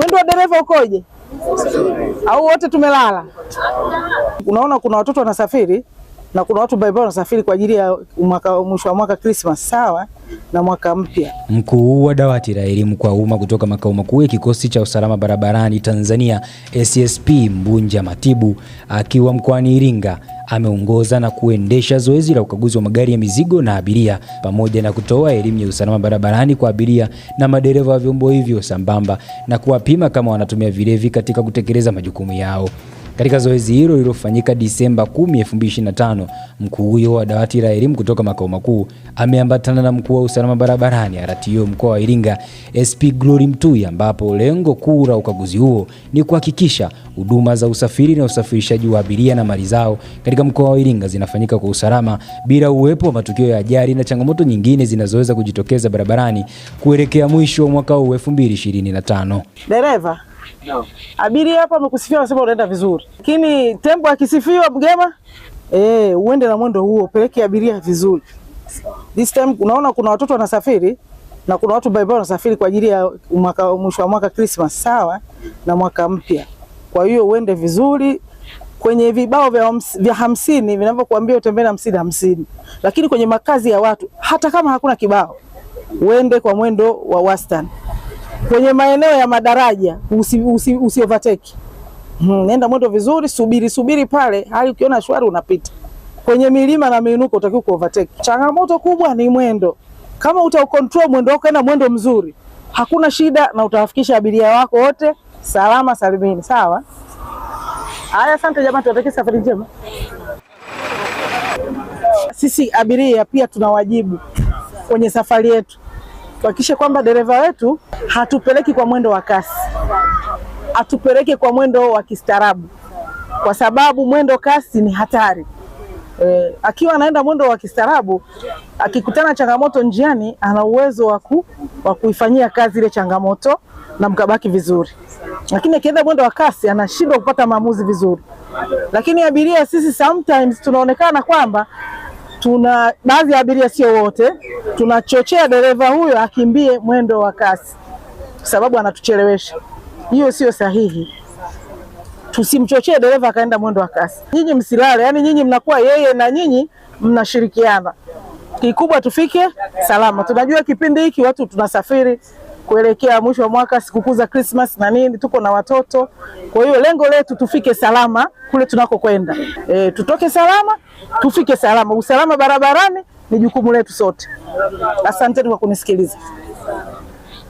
Mwendo wa dereva ukoje? Au wote tumelala? Unaona kuna watoto wanasafiri na kuna watu mbalimbali wanasafiri kwa ajili ya mwaka mwisho wa mwaka Christmas, sawa na mwaka mpya. Mkuu wa dawati la elimu kwa umma kutoka makao makuu ya kikosi cha usalama barabarani Tanzania SSP Mbunja Matibu akiwa mkoani Iringa ameongoza na kuendesha zoezi la ukaguzi wa magari ya mizigo na abiria pamoja na kutoa elimu ya usalama barabarani kwa abiria na madereva wa vyombo hivyo sambamba na kuwapima kama wanatumia vilevi katika kutekeleza majukumu yao. Katika zoezi hilo lililofanyika Disemba 10, 2025, mkuu huyo wa dawati la elimu kutoka makao makuu ameambatana na mkuu wa usalama barabarani RTO mkoa wa Iringa SP Glory Mtui, ambapo lengo kuu la ukaguzi huo ni kuhakikisha huduma za usafiri na usafirishaji wa abiria na mali zao katika mkoa wa Iringa zinafanyika kwa usalama bila uwepo wa matukio ya ajali na changamoto nyingine zinazoweza kujitokeza barabarani kuelekea mwisho wa mwaka huu 2025. Dereva no. Abiria hapa amekusifia, anasema unaenda vizuri, lakini tembo akisifiwa Mgema eh, uende na mwendo huo, peleke abiria vizuri. This time unaona kuna watoto wanasafiri na kuna watu baibao wanasafiri kwa ajili ya mwaka mwisho wa mwaka Christmas, sawa na mwaka mpya. Kwa hiyo uende vizuri kwenye vibao vya, vya hamsini vinavyokuambia utembee na hamsini hamsini, lakini kwenye makazi ya watu hata kama hakuna kibao uende kwa mwendo wa wastani kwenye maeneo ya madaraja usi, usi, usi overtake. Hmm, nenda mwendo vizuri, subiri subiri pale, hali ukiona shwari unapita. Kwenye milima na miinuko utakiwa ku overtake. Changamoto kubwa ni mwendo. Kama uta control mwendo wako na mwendo mzuri, hakuna shida na utawafikisha abiria wako wote salama salimini. Sawa. Haya, asante jamani, tuwatakie safari njema. Sisi abiria pia tuna wajibu kwenye safari yetu tuhakikishe kwamba dereva wetu hatupeleki kwa mwendo wa kasi, atupeleke kwa mwendo wa kistaarabu, kwa sababu mwendo kasi ni hatari. E, akiwa anaenda mwendo wa kistaarabu akikutana changamoto njiani, ana uwezo wa kuifanyia kazi ile changamoto na mkabaki vizuri, lakini akienda mwendo wa kasi anashindwa kupata maamuzi vizuri. Lakini abiria sisi sometimes tunaonekana kwamba tuna baadhi ya abiria, sio wote, tunachochea dereva huyo akimbie mwendo wa kasi sababu anatuchelewesha. Hiyo sio sahihi, tusimchochee dereva akaenda mwendo wa kasi. Nyinyi msilale, yani nyinyi mnakuwa yeye na nyinyi mnashirikiana. Kikubwa tufike salama. Tunajua kipindi hiki watu tunasafiri kuelekea mwisho wa mwaka, sikukuu za Christmas na nini, tuko na watoto. Kwa hiyo lengo letu tufike salama kule tunakokwenda. E, tutoke salama, tufike salama. Usalama barabarani ni jukumu letu sote. Asanteni kwa kunisikiliza.